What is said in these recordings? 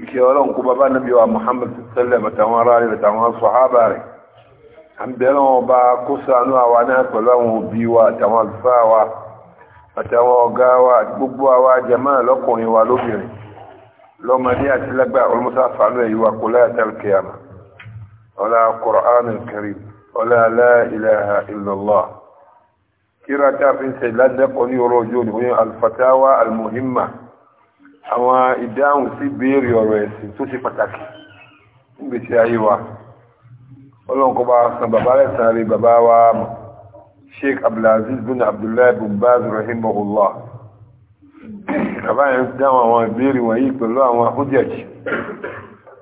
ìkẹ́ ọlọ́run kó bàbá nàbí wa Muhammad sẹ́lẹ̀ àtàwọn ará rẹ̀ àtàwọn sọ̀hábà rẹ̀ àbẹ̀rẹ̀ wọn bá kó sànú àwa náà pẹ̀lú àwọn òbí wa àtàwọn àlùfáà wa àtàwọn ọ̀gá wa gbogbo àwa jàmá lọ́kùnrin wa lóbìnrin lọ́mọdé àti lágbà olùmọ́sá fàánú ẹ̀yí wa kò láyà tẹ́lẹ̀kẹ́ àmà ọlá Qur'an al-Karim ọlá la ilaha illallah kíra táàfin sẹ̀ ládẹ́kọ̀ọ́ ní ọrọ̀ ojú òní al-Fatawa àwọn ìdáhùn sí béèrè ọ̀rọ̀ ẹ̀sìn tó ṣe pàtàkì níbi tí ayé wa ọlọ́nkọba san bàbá lẹ́sàn rí bàbá wa sheik abdulaziz bin abdullahi bin baz rahimahullah bàbá yẹn dáhùn àwọn ìbéèrè wọ̀nyí pẹ̀lú àwọn hujjaj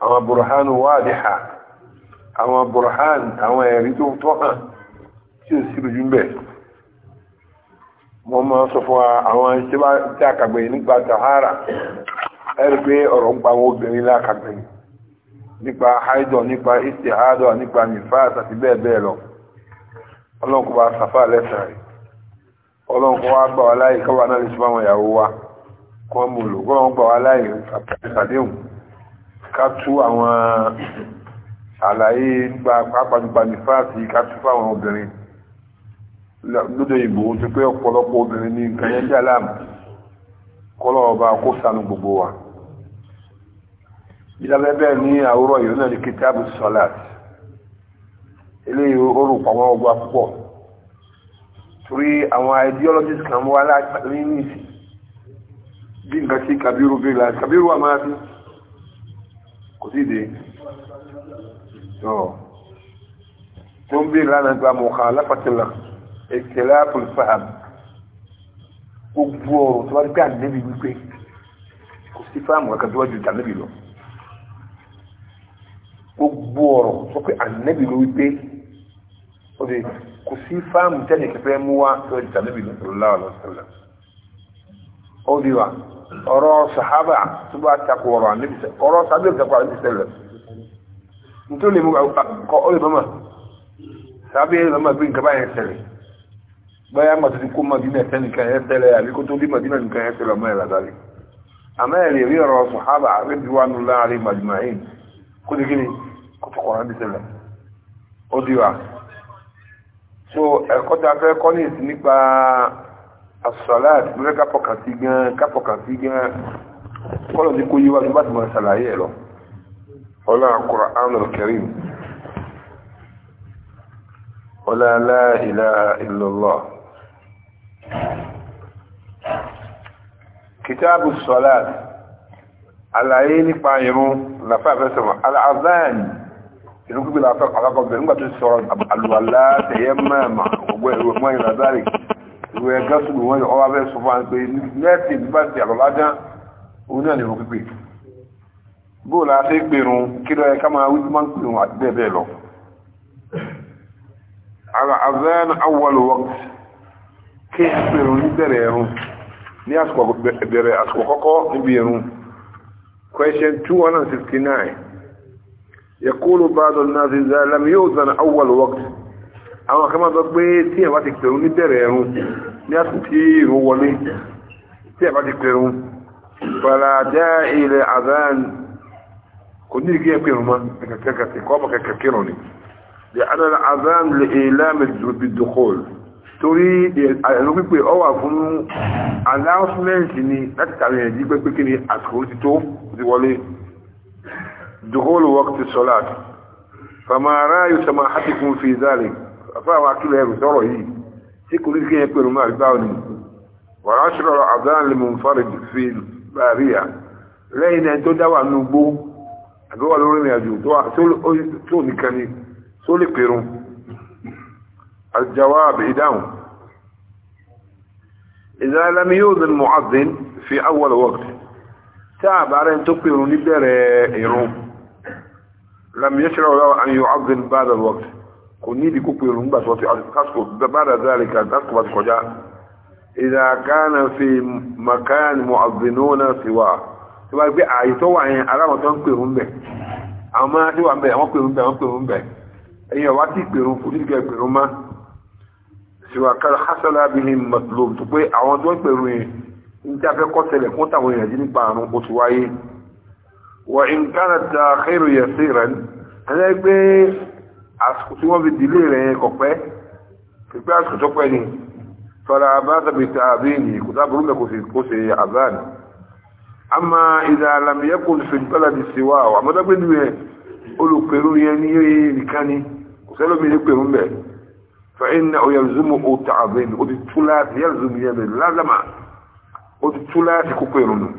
àwọn burhan wadiha àwọn burhan àwọn ẹ̀rí tó tọ́ hàn tí ó sì rújú bẹ́ẹ̀ mo máa sọ fún àwọn ìṣẹ́bá tí a kàgbẹ̀ nípa tahara ẹ̀rì pé ọ̀rọ̀ ń pa àwọn obìnrin lákàgbẹ̀ nípa haidọ̀ nípa istihadọ̀ nípa nifas àti bẹ́ẹ̀ bẹ́ẹ̀ lọ ọlọ́nkọ́ wa sàfà lẹ́sàrẹ̀ ọlọ́nkọ́ wa gbà wá láyé káwà náà lè ṣe fáwọn ìyàwó wa kọ́ lódò ìbò tó pé ọ̀pọ̀lọpọ̀ obìnrin ní nǹkan yẹn jẹ́ aláàmù kọ́lọ̀ ọba kó sànú gbogbo wa ìdábẹ́bẹ́ ní àwòrán yìí náà ní kìtàbù sọ́láàt eléyìí ó rò pàwọn ọgbà púpọ̀ torí àwọn ideologies kan wá láti ní ìsìn bí nǹkan sí kàbírù bí láti kàbírù wà máa fi kò sí ìdè tó ń bí lánàá gba mọ̀ọ́ká lápàtìlá ekele fáàm gbogbo ọ̀rọ̀ tó wá gbé ànẹ́bí wípé kò sí fáàmù kankan tó wá ju ìdánẹ́bí lọ gbogbo ọ̀rọ̀ tó pé ànẹ́bí ló wípé ó di kò sí fáàmù tẹ́lẹ̀ kẹfẹ́ mú wá tó wá ju ìdánẹ́bí lọ sọ̀rọ̀lá ọ̀lọ́sọ̀rọ̀lá ó di wa ọ̀rọ̀ sàhábà tó bá takò ọ̀rọ̀ ànẹ́bí sẹ́ ọ̀rọ̀ sàhábà tó takò ànẹ́bí sẹ́lẹ̀ nítorí báyá màtí ti kó madina ẹ̀tẹ́nìkan ẹ̀ tẹ́lẹ̀ àbí kó tó dé madina nìkan ẹ̀ tẹ́lẹ̀ ọmọ ẹ̀ ládàrí àmọ́ ẹ̀ lè rí ọ̀rọ̀ sọ̀hábà rẹ̀bí wà nù láàrin màjìmáyìn kó ní kíni kó tó kọ̀ọ̀rọ̀ bí tẹ́lẹ̀ ó di wa so ẹ̀kọ́ ta fẹ́ kọ́ ní nípa asọ̀láàtì lórí kápọ̀kàtì gan kápọ̀kàtì gan kọ́lọ̀ ní kó yíwájú bá ti mọ̀ ṣàlàyé ẹ̀ lọ ọlá Qur'anul Karim ọlá kìtàbù sọ́láàt àlàyé nípa ìrún làfà àfẹ́sọ̀mọ̀ aláàzán ìlú gbígbé làfà alákọ̀ọ́bẹ̀ nígbà tó sọ̀rọ̀ àlùwàlá tẹ̀yẹ mẹ́ẹ̀mà gbogbo ìwé mọ́ ìrànlárì ìwé gásùlù wọn yọ ọwọ́ abẹ́sọ̀ fún àpé lẹ́ẹ̀tì bá ti àlọ́lájá òun náà ni mo pípé bóòlù àti pèrún kí lọ́yẹ ká máa wípé máa ń pèrún àti bẹ́ẹ̀ bẹ́ẹ̀ lọ aláàzán awọ́lù wọ́kì kí pèrún ní bẹ̀rẹ̀ ẹ̀rùn ní àsìkò bẹ̀rẹ̀ àsìkò kọ́kọ́ níbi irun question 269 yaqulu ba'd an-nas idha lam yu'dhan awwal waqt àwọn kan máa sọ pé tí ẹ̀ bá ti pẹ̀rún ní bẹ̀rẹ̀ ẹ̀rún ní àsìkò tí irun wọlé tí ẹ̀ bá ti pẹ̀rún fala da'i li adhan kò ní ìgbé ẹ̀pẹ̀rún mọ́ kẹ̀kẹ̀kẹ̀ kọ́ ọmọ kẹ̀kẹ̀ kírun ni لأن الأذان لإيلام بالدخول torí eh, ẹ̀rọ pípé ọ wà fún announcement ni láti tàbí ẹ̀jí pẹ́pẹ́ kí ni àsìkò ti tó ti wọlé dùkọ́lù wọ́kìtì sọ́láàt fàmàrà yóò sọmọ àtìkún fi záàlì fáwọn akílẹ̀ ẹ̀rù sọ́rọ̀ yìí tí kò ní kí ẹ pẹ̀lú máa gbáwọn ni wàrà ṣọ́rọ̀ àbdáhàn lè mú fọ́rẹ̀ fi bàríà lẹ́yìn ẹni tó dáwà nú gbó àbẹ́wà lórí ìrìn àjò tó nìkan الجواب إدام إذا لم يؤذن المعذن في أول وقت تعب على أن تقبل نبدأ يروم لم يشرع له أن يعظم بعد الوقت كوني دي كوبيرون بس وقت بعد ذلك تسقط خجاء إذا كان في مكان مؤذنون سواه تبقى بأعيتوا عن علامة تنقيرون به أما تبقى بأعيتوا عن بأعيتوا عن بأعيتوا عن بأعيتوا عن بأعيتوا عن بأعيتوا عن بأعيتوا tiwa kan hasala bihi matlub tó pé àwọn tó ń pèrò yẹn ń tí a fẹ́ kọ́sẹ̀lẹ̀ fún tàwọn èèyàn jí nípa àrùn oṣù wáyé wà in kana ta'khiru yasiran ẹ̀lẹ́ pé àsìkò tí wọ́n fi dìlé rẹ̀ yẹn kọ̀ pẹ́ pípẹ́ àsìkò tó pẹ́ ni fara abáta bi tàbí ní kò sábúrú mẹ́ kò sì kó ṣe àbáàni amma idha lam yakun fi baladi siwa àmọ́dọ́gbẹ́ni yẹn olùpèrò yẹn ní nìkan ni kò sẹ́lómi ní pèrò mẹ́rin فإنه يلزمه تعظيم ودي الثلاث يلزم يمين لازم ودي الثلاث كبيرون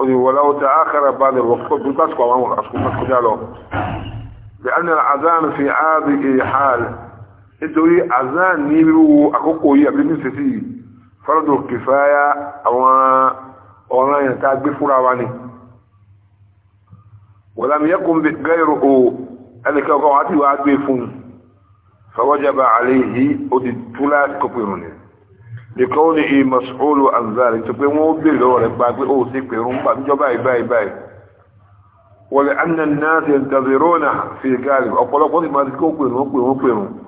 ودي ولو تآخر بعد الوقت بس قوام أسكو ما تجعله لأن الأذان في هذه حال إدوي أذان نيرو أكوكو يبني نسيتي فرض الكفاية أو أو ينتاج بفراواني ولم يقم غيره أنك وقعتي وعد بفون فوجب عليه أدي تلات كبيرون لقوله مسؤول عن ذلك تقوم بالدور باقي أو سكبيرون باقي باي باي باي ولأن الناس ينتظرون في غالب أقول لك ما تكون كبيرون كبيرون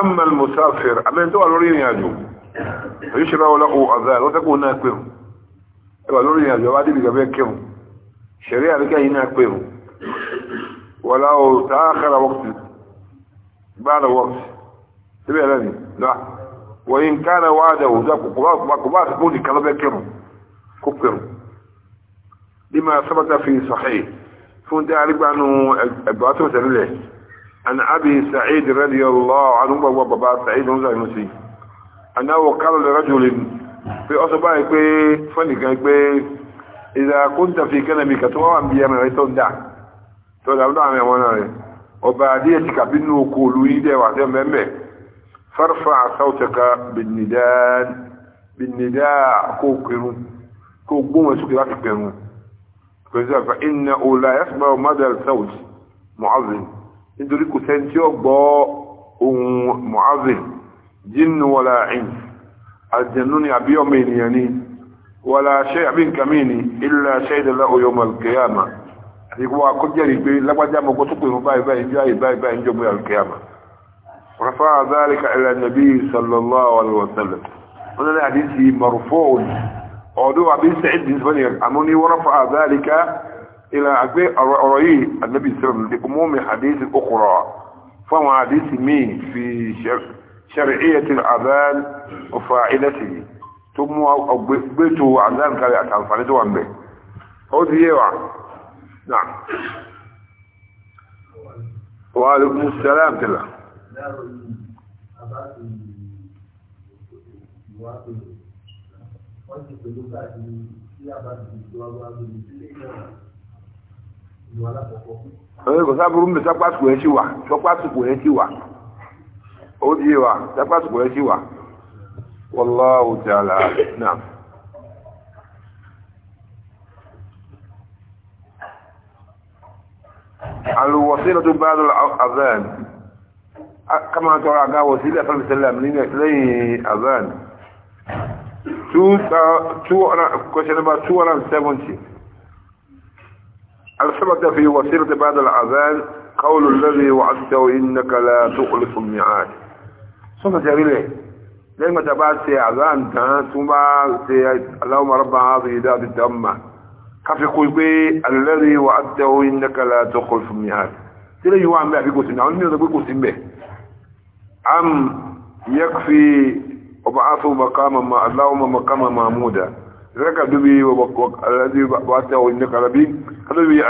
أما المسافر أما أنتوا الورين يا يشرع له أذان وتكون هناك كبيرون الورين يا جو هذه بقى كبيرون شريعة بقى هناك كبيرون ولو تأخر وقت بعد وقت تبقى لاني لا وإن كان وعده ذاك قبات قولي كلام يكره كفره لما ثبت في صحيح فانت أعرف أنه أبعاته مثلا عن أبي سعيد رضي الله عنه وبابا سعيد ونزع المسيح أنه قال لرجل في أصبع فنك إذا كنت في كلمك تواعا بيامنا يتون دع تواعا بيامنا يتون دع وبعديتك بنو كولويدا وعزم فارفع صوتك بالنداء بالنداء كوكرو كوكو مسكرات كرو فإنه لا يسمع مدى الصوت معظم انتو لكو سنتيو بو معظم جن ولا انس الجنون يبيو مينياني ولا شيء من كميني إلا شيء له يوم القيامة àfikún wa kó jẹ́rìí pé lágbájá mọ́kó tó pèrún báyìí báyìí bí ayé báyìí báyìí jọmọ́ alkiyama rafa zalika ila nabi sallallahu alaihi wasallam wannan hadisi marfu'un ọdún àbí sa'id bin sani amuni wa rafa zalika ila agbe ọ̀rọ̀yí annabi sallam di umumi hadisi ukhra fama hadisi mi fi shar'iyyati al-adhan wa fa'ilatihi tumu agbeto adhan kale atanfani to wambe ó di yewa نعم وعليكم السلام كلا Ọ̀rẹ́ kò sáàbùrú mi sápásùkò ẹ̀ sí wà, sápásùkò ẹ̀ sí wà, ó díye wà, sápásùkò ẹ̀ sí wà, wallahu ta'ala, náà. الوسيلة بعد الأذان كما ترى قال وسيلة صلى الله عليه وسلم ليه أذان 270 السبب في وسيلة بعد الأذان قول الذي وعدته إنك لا تخلف الميعاد سوف تقول لما تبعت أذان ثم اللهم رب هذه ذات الدمه káfí kó pé alẹ́rí wà á tẹ́ orí nẹ́kàlá tó kọ́ fún mi hàn tí lè yíwá mẹ́ àbí kò sí náà ní ọ̀sán pé kò sí mẹ́ am yẹ́kfí ọba aṣọ makama ma aláwọ̀ makama mahmuda rẹ́kà dúbí wà á tẹ́ orí nẹ́kàlá bí kádúbí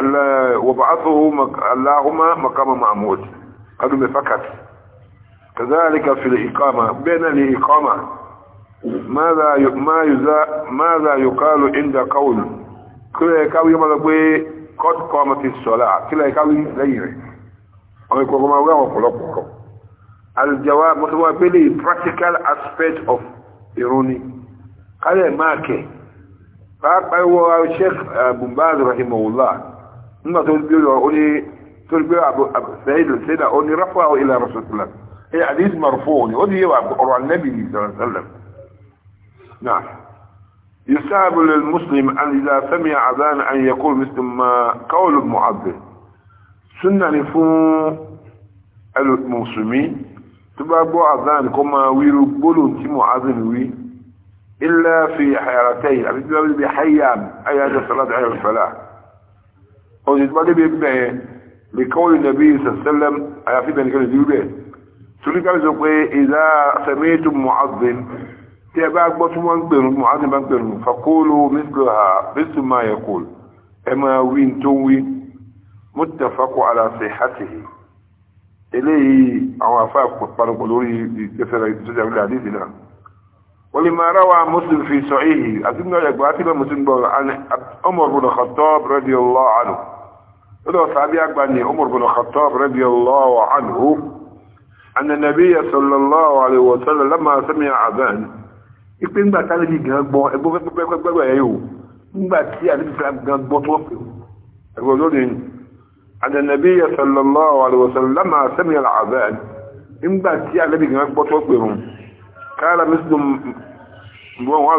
wà ماذا يقال عند قول kílẹ̀ káwí ọmọ lọ pé kọ́ọ̀tù kọ́ ọmọ ti sọ̀lá kílẹ̀ káwí lẹ́yìn rẹ̀ ọmọ ìkọ̀ọ̀kọ̀ máa wẹ́ àwọn ọ̀pọ̀lọpọ̀ ọ̀rọ̀ pé ní practical aspect of irun ni kálẹ̀ máa kẹ̀ pàápàá wọ sheikh eh, bumbaz rahimahullah nígbà tó gbé lọ ó ní ila rasulullah ẹ̀ àdéhùn marfo ni ó ní yẹ wà ọ̀rọ̀ alẹ́bì يستحب للمسلم أن إذا سمع أذان أن يقول مثل ما قول المعبد سنة لفون المسلمين تبقى أذان كما ويربولون تي معذن وي إلا في حيرتين أبي تبقى بحيام أي هذا صلاة على الفلاح أو تبقى بإبنه لقول النبي صلى الله عليه وسلم أي في بني كان يقول به سنة قال إذا سمعتم معذن tí ẹ bá gbọ́ tí wọ́n ń pèrò mọ̀hánì bá ń pèrò fàkóòlù mẹ́sìlọ́hà bẹ́sù máa yẹ kóòlù ẹ máa wí tó wí muttafaqun ala sihhatihi eléyìí àwọn afá panupọ̀ lórí ìgbésẹ̀rẹ̀ ìtúsọ̀jà ìlú àdìsí náà wọ́n lè máa ráwa muslim fi sahihi àti nígbà ẹgbẹ́ àti bá muslim gbọ́ Umar bin Khattab radiyallahu anhu lọ́dọ̀ sàbí àgbà ni Umar bin Khattab radiyallahu anhu anna nabiyya sallallahu alayhi wa sallam lamma sami'a adhan ipe ńgbà tá lẹ́bi gan gbọ́ ẹgbọ́ pẹ́pẹ́pẹ́pẹ́ ẹ̀ o ńgbà tí àlẹ́bi gan gbọ́ tó ẹgbọ́ lónìí àdànàbí sallallahu alaihi wasallam sẹ́mi àlàbẹ́ ńgbà tí àlẹ́bi gan gbọ́ tó pẹ̀rùn kára mísìlù mbọ́n ńgbà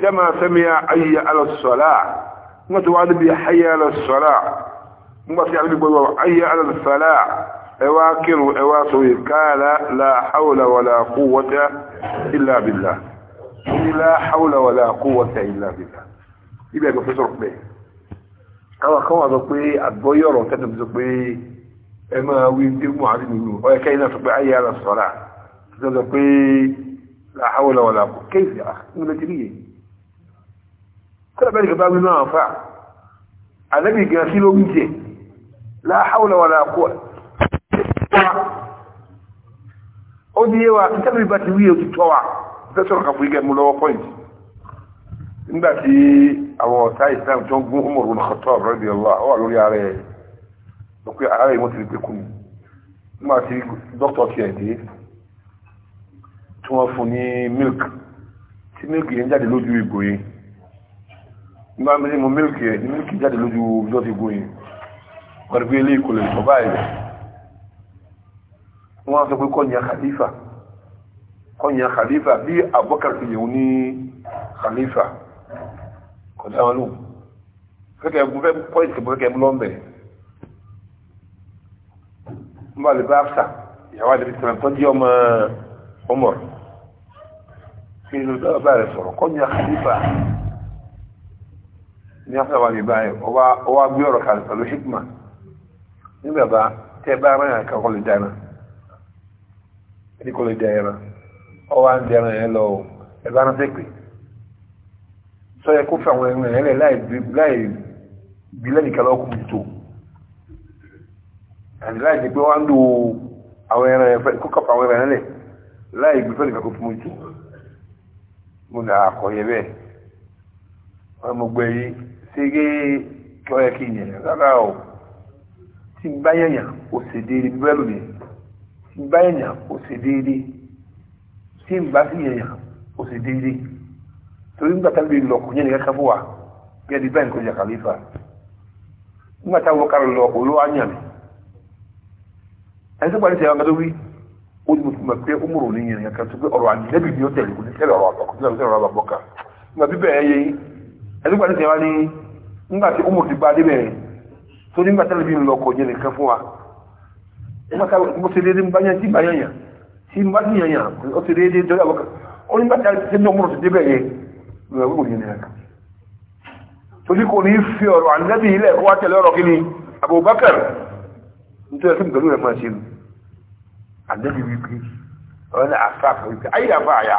tí wọ́n á ayé alọ́sọ̀lá ńgbà ẹwà kírùn ẹwà sóyè káàlá láàáwọ̀lá wàlá quwwata illa billah ní láàáwọ̀lá wàlá quwwata illa billah ibẹ̀ ẹ̀gbẹ̀ fẹ́ sọ̀rọ̀ pé àwọn kan wà sọ pé àgbọ́yọ̀rọ̀ tẹ́tẹ̀ sọ pé ẹ máa wí ní muhammed nínú ọ̀yẹ́ kẹ́yìn náà tọ́ wa ó ní wa nítorí bá ti wí o ti tọ́ wa fẹ́ sọ̀rọ̀ kan fún ike mú lọ́wọ́ pọ́ìntì nígbà tí àwọn ọ̀tá Islam tó ń gún Umar ibn Khattab radiyallahu anhu wà lórí ara ẹ̀ o pé ara ẹ̀ mo ti rí pé kùn nígbà tí dókítà tiẹ̀ dé tí wọ́n fún ní milk tí milk yẹn jáde lójú ìgò yẹn nígbà mi ní mo milk yẹn ní milk jáde lójú ìjọ́ ti gò yẹn wọ́n rí pé ilé ìkọlẹ̀ ìkọ̀ báyìí wọ́n sọ pé kọ́nyà khalifa kọ́nyà khalifa bí abubakar ti yẹ̀wò ní khalifa kò dá wọn lò kẹ́kẹ́ mú fẹ́ pọ́ìntì mú kẹ́kẹ́ mú lọ́mbẹ̀ mú alẹ́ bá afsa ìyàwó àdébí sọ̀rọ̀ tó di ọmọ ọmọ kí ló dá ọba rẹ̀ sọ̀rọ̀ kọ́nyà khalifa ní afsa wà ní báyìí ọba gbé ọ̀rọ̀ kalẹ̀ pẹ̀lú hikma ní bàbá tẹ́ bá rẹ̀ kọ́kọ́ lè dáná ẹni kò lè jẹ ẹran ọwọ́ à ń jẹ ẹran yẹn lọ o ẹ̀rọ aná fẹ́ pè sọ yẹ kó fẹ́ àwọn ẹran yẹn lẹ̀ láì bí lẹ́nìkan lọ́kùn mọ́tò àti láì jẹ́ pé wọ́n á ń lo àwọn ẹran yẹn kó kọ̀ọ̀pọ̀ àwọn ẹran ó sì dé ibi bẹ́ẹ̀ lónìí ń bá èèyàn kò sì déédéé tí ń bá sí èèyàn kò sì déédéé torí nígbà tábìlì lọ kò yẹn nìkan kan fún wa bí ẹni báyìí kò yẹ kàlífà nígbà táwọn kan lọ kò ló wá yàn mí ẹni tó parí sẹ́yìn ọ̀gá tó wí ó ní mo fi mọ̀ pé ó mòrò ní yẹn tó pé ọ̀rọ̀ àdìlẹ́bì ni ó tẹ̀lé kò ní sẹ́lẹ̀ ọ̀rọ̀ àbọ̀ kò ní ọ̀rọ̀ àbọ̀ nígbà bíbẹ̀ ẹ yẹ ẹni tó parí sẹ́yìn wá ní nígbà tí ó mòrò mo ṣe déédéé bá yẹn tí bá yẹn yàn tí bá ti yẹn yàn ó ṣe déédéé jọjọ àwọn kan ó ní bá ti ṣe ní ọmọ rẹ̀ débẹ̀ yẹn lọ́wọ́ gbogbo yẹn nìyẹn kan torí kò ní fi ọ̀rọ̀ ànábì ilẹ̀ kó wá tẹ̀lé ọ̀rọ̀ kí ni Abubakar nítorí ẹ̀sìn pẹ̀lú rẹ̀ máa ṣe nù ànábì wípé ọ̀rọ̀ ní àfáàfà wípé ayé àfáà àyà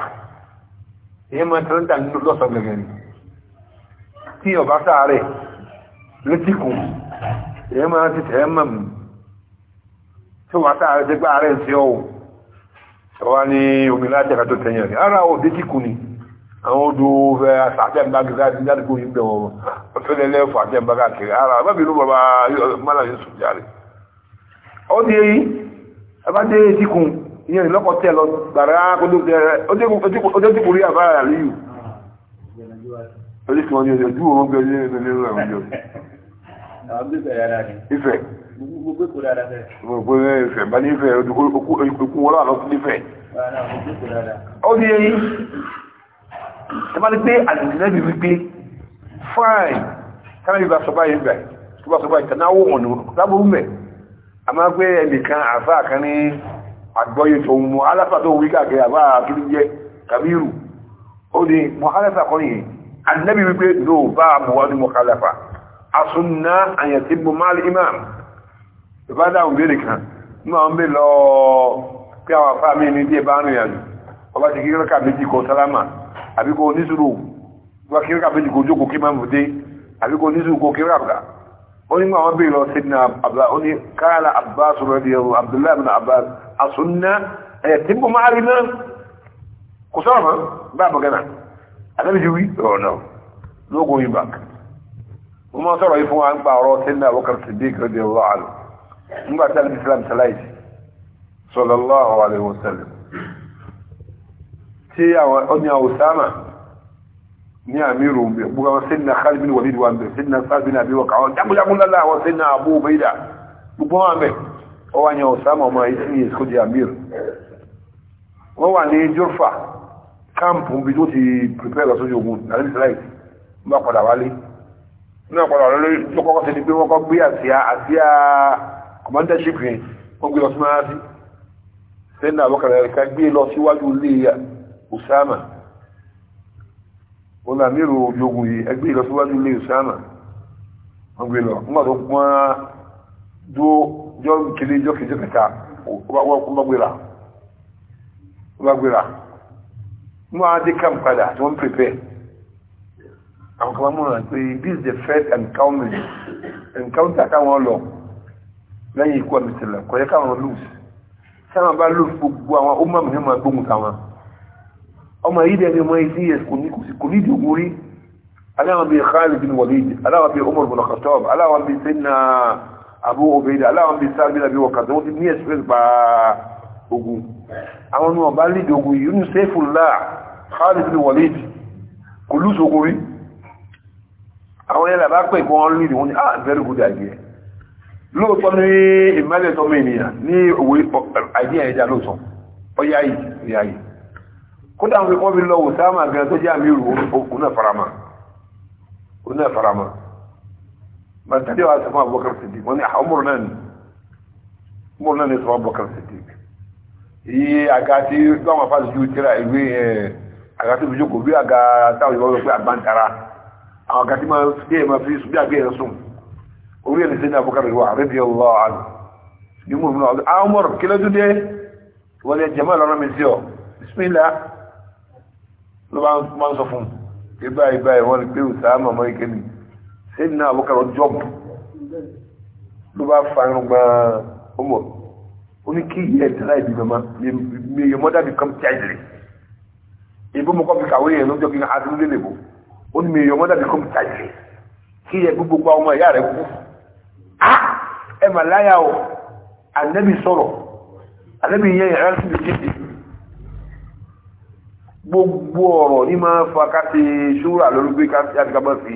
èyí máa tẹ̀lé níta nínú lọ́sàn gẹ̀gẹ̀ ni tí ọba sáà rẹ̀ létíkùn èyí máa ti tẹ̀ ẹ́ mọ̀ mí tí wọ́n tàà rẹ̀ gbá rẹ̀ sí ọ̀hún ṣọwá ní omi lájẹ̀ká tó tẹ̀yẹ̀ rẹ̀ ara òdí tí kù ní àwọn odò ọ̀fẹ́ àtàjẹ̀mbágà ìdádìgbò yìí bẹ̀wọ̀ ọ̀fẹ́lẹ́lẹ́ fún àjẹ̀mbágà kiri ara bábí ló bàbá mọ́là yìí sùn járe ó di èyí abájẹ́ tí kù ìyẹn lọ́kọ̀ tẹ̀ lọ gbàrà ọjọ́ tí kù rí àbára àríyù ọjọ́ tí wọ́n ní gbogbo èkó dáadáa fẹ́. gbogbo ìfẹ́ bá nífẹ̀ẹ́ okun wọlé àlọ́ sí nífẹ̀ẹ́. ó ní ẹyin ẹ bá ní pé àdìsí náà bí wípé fine káàmì bá sọ báyìí bẹ̀ tó bá sọ báyìí tẹ̀ náà wò wọ̀n lábúrú mẹ́ a máa gbé ẹnìkan àfáà kan ní àgbọ́yé tó mú aláfà tó wí káàkiri àbá àkírí jẹ́ kàbírù ó ní mọ̀ aláfà kan yìí àdìsí náà bí wípé lóò bá àmúwá ní mọ̀ aláfà asùnà àyàtí mọ̀ máàlì imam bá dáhùn béèrè kan nínú àwọn bẹ́ẹ̀ lọ pé àwọn afá mi ní díẹ̀ bá rìn àjò ọba ti kíkọ́ ká méjì kọ sálámà àbí kò oníṣòro wá kíkọ́ ká méjì kò jókòó kí máa ń fòdé àbí kò oníṣòro kíkọ́ ká ó ní àwọn bẹ́ẹ̀ lọ sẹ́dínà àbúrà ó ní káàlà Abbas radiyallahu Abdullahi ibn Abbas àsúnná ẹ̀yẹ tí mo máa rí náà kò sọ̀rọ̀ mọ́ bá àbọ̀ gánà àtẹ́bíjú wí oh, ọ̀nà lóògùn yìí bàk mo ọ̀rọ̀ sẹ́dínà nígbà tí alẹ́ islam ṣaláìsì sallallahu alaihi wasallam tí àwọn ọdún àwọn sáàmà ní àmìrò gbogbo àwọn sínà Khalid bin Walid wà mẹ́ sínà sáàbìn àbíwọ̀ káwọn jágbójágbó lálá àwọn sínà Abu Ubaida gbogbo wọn mẹ́ ọ wá ní ọ̀sáàmà ọmọ ìsìn ìsìnkú di àmìr wọ́n wà ní Jurfa káàmpù bí tó ti prepare lọ sójú ogun nàlẹ́ ìsìláìsì ń bá padà wálé ní sí ni pé wọ́n kọ́ gbé àsíá àsíá commandership yẹn wọ́n gbé lọ sí máa sí sẹ́ńdà àbọ̀kàrà ẹ̀ka gbé lọ síwájú ilé Usama wọn là mírò ogun yìí ẹgbẹ́ ìlọ síwájú ilé Usama wọ́n gbé lọ nígbà tó pọ́n dúó jọ́ kiri jọ́ kejì kẹta wọ́n kún gbéra àwọn kan pé this is the first encounter encounter táwọn lọ lẹ́yìn ikú àmì tẹ̀lẹ̀ kò yẹ káwọn lùs sáwọn bá lùs gbogbo àwọn ó mọ̀mí máa gbóhùn táwọn ọmọ yìí dẹni ọmọ yìí sí kò ní ìdìbò rí aláwọn bíi Khalid bin Walid aláwọn bíi Umar bin Khattab aláwọn bíi sẹ́nà Abu Ubaida aláwọn bíi sáà bíi wọ̀kàtà wọ́n ti ní ẹ̀sùn pa ogun àwọn ọmọ ọba lè dogun yìí nù Saifullah Khalid bin Walid kò lùs ogun rí àwọn yẹn làbá pè ah very good idea lóòtọ́ ní ìmẹ́lẹ̀ tọ́mọ ènìyàn ní òwe àìdí ẹ̀ẹ́dà lóòtọ́ ọya yìí ọya yìí kódà ń fi kọ́ fi lọ wò sáàmà gan tó jẹ́ àmì ìrù òkú farama òkú farama màtàdé wa sọ fún Abubakar Siddiq wọn ni ọmọ ah, náà ni ọmọ náà ni sọ fún Abubakar Siddiq iye àga tí gbọ́mọ̀ fásitì ju tíra ìwé àga tó fi jókòó bí orí ẹni sẹ́ni abúkàrí wà rẹ́bí ọlọ́ọ̀hán ní mú ìmúnà ọdún àwọn mọ̀rọ̀ kí lọ́dún dé wọ́n lè jẹ́mọ́ ìlọ́rọ̀ mi sí ọ bisimilá ló bá máa ń sọ fún ibà ibà ìwọ́n lè pé òsà mọ̀mọ́ ike mi sẹ́ni náà abúkàrí ọjọ́ bù ló bá fa irun gbọ́n ọmọ ó ní kí ìyá ẹ̀tẹ́ láì bí mọ́mọ́ mi yẹ mọ́dà gbogbo ọmọ ìyá rẹ̀ kú mà láyà o ànẹ́bì sọ̀rọ̀ ànẹ́bì yẹ ìrẹ́ sí ìdíje gbogbo ọ̀rọ̀ ní máa fa káti ṣúra lórí gbé káti kábọ̀ sí